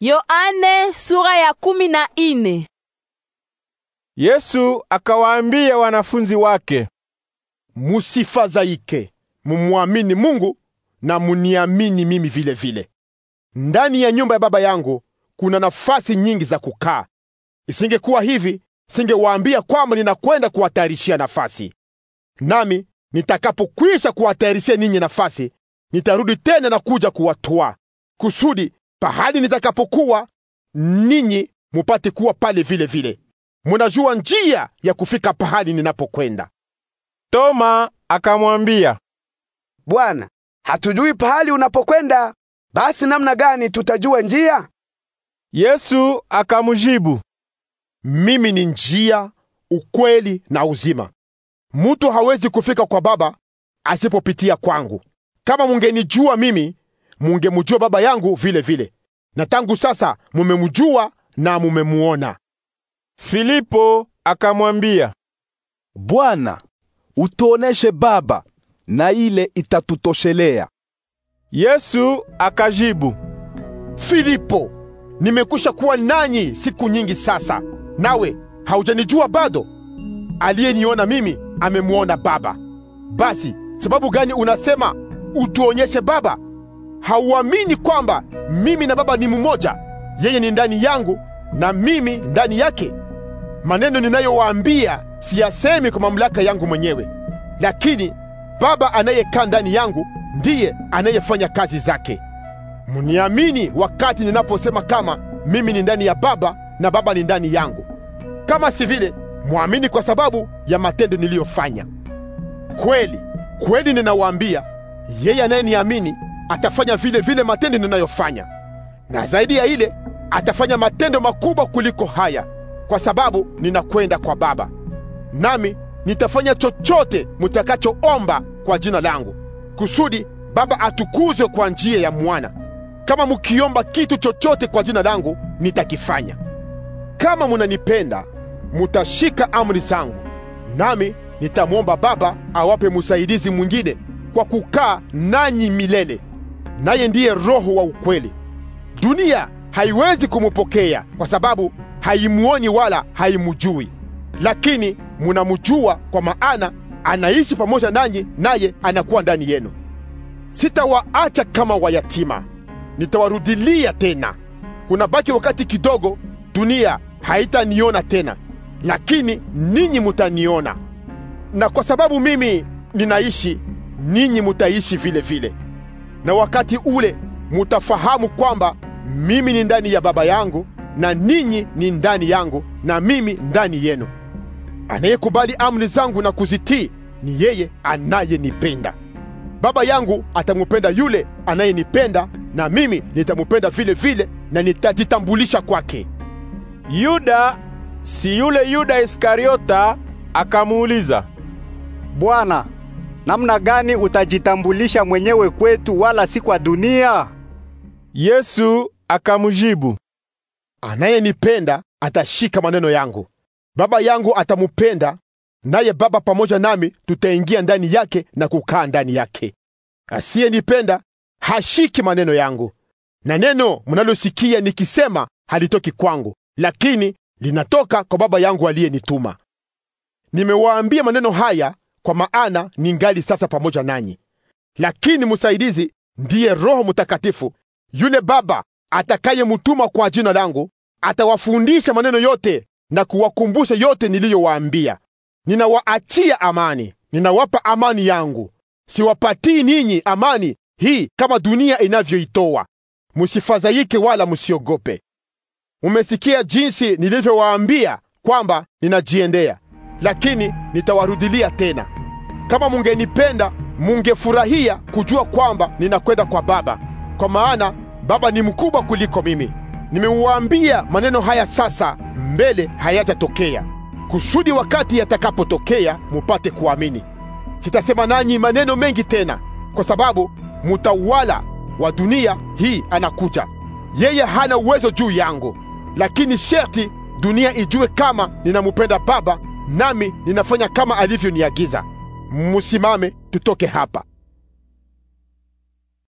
Yoane sura ya kumi na ine. Yesu akawaambia wanafunzi wake, musifadhaike, mumwamini Mungu na muniamini mimi vile vile. Ndani ya nyumba ya Baba yangu kuna nafasi nyingi za kukaa. Isingekuwa hivi, singewaambia kwamba ninakwenda kuwatayarishia nafasi. Nami nitakapokwisha kuwatayarishia ninyi nafasi, nitarudi tena na kuja kuwatwaa kusudi pahali nitakapokuwa, ninyi mupate kuwa pale vile vile. Munajua njia ya kufika pahali ninapokwenda. Toma akamwambia, Bwana, hatujui pahali unapokwenda, basi namna gani tutajua njia? Yesu akamjibu, mimi ni njia, ukweli na uzima. Mutu hawezi kufika kwa Baba asipopitia kwangu. Kama mungenijua mimi, mungemjua Baba yangu vile vile, na tangu sasa mumemjua na mumemuona. Filipo akamwambia, Bwana, utuoneshe Baba na ile itatutoshelea. Yesu akajibu, Filipo, nimekusha kuwa nanyi siku nyingi sasa, nawe haujanijua bado? Aliyeniona mimi amemwona Baba. Basi sababu gani unasema utuonyeshe Baba? hauamini kwamba mimi na Baba ni mmoja, yeye ni ndani yangu na mimi ndani yake. Maneno ninayowaambia siyasemi kwa mamlaka yangu mwenyewe, lakini Baba anayekaa ndani yangu ndiye anayefanya kazi zake. Mniamini wakati ninaposema kama mimi ni ndani ya Baba na Baba ni ndani yangu. Kama si vile, mwamini kwa sababu ya matendo niliyofanya. Kweli kweli ninawaambia, yeye anayeniamini atafanya vile vile matendo ninayofanya, na zaidi ya ile atafanya matendo makubwa kuliko haya, kwa sababu ninakwenda kwa Baba. Nami nitafanya chochote mutakachoomba kwa jina langu, kusudi Baba atukuzwe kwa njia ya mwana. Kama mukiomba kitu chochote kwa jina langu, nitakifanya. Kama munanipenda, mutashika amri zangu, nami nitamwomba Baba awape msaidizi mwingine kwa kukaa nanyi milele, naye ndiye Roho wa ukweli. Dunia haiwezi kumupokea kwa sababu haimuoni wala haimujui, lakini munamujua kwa maana anaishi pamoja nanyi, naye anakuwa ndani yenu. Sitawaacha kama wayatima, nitawarudilia tena. Kuna baki wakati kidogo, dunia haitaniona tena, lakini ninyi mutaniona, na kwa sababu mimi ninaishi, ninyi mutaishi vile vile na wakati ule mutafahamu kwamba mimi ni ndani ya Baba yangu na ninyi ni ndani yangu na mimi ndani yenu. Anayekubali amri zangu na kuzitii ni yeye anayenipenda. Baba yangu atamupenda yule anayenipenda, na mimi nitamupenda vile vile, na nitajitambulisha kwake. Yuda, si yule Yuda Iskariota, akamuuliza Bwana, namna gani utajitambulisha mwenyewe kwetu, wala si kwa dunia? Yesu akamjibu, anayenipenda atashika maneno yangu, Baba yangu atamupenda, naye Baba pamoja nami tutaingia ndani yake na kukaa ndani yake. Asiyenipenda hashiki maneno yangu, na neno mnalosikia nikisema halitoki kwangu, lakini linatoka kwa Baba yangu aliyenituma. Nimewaambia maneno haya kwa maana ningali sasa pamoja nanyi. Lakini msaidizi ndiye Roho Mtakatifu, yule Baba atakayemutuma kwa jina langu, atawafundisha maneno yote na kuwakumbusha yote niliyowaambia. Ninawaachia amani, ninawapa amani yangu. Siwapatii ninyi amani hii kama dunia inavyoitoa. Msifadhaike wala msiogope. Mmesikia jinsi nilivyowaambia kwamba ninajiendea, lakini nitawarudilia tena. Kama mungenipenda, mungefurahia kujua kwamba ninakwenda kwa Baba, kwa maana Baba ni mkubwa kuliko mimi. nimewaambia maneno haya sasa, mbele hayajatokea, kusudi wakati yatakapotokea mupate kuamini. Sitasema nanyi maneno mengi tena, kwa sababu mutawala wa dunia hii anakuja. Yeye hana uwezo juu yangu, lakini sherti dunia ijue kama ninamupenda Baba, nami ninafanya kama alivyoniagiza msimame tutoke hapa.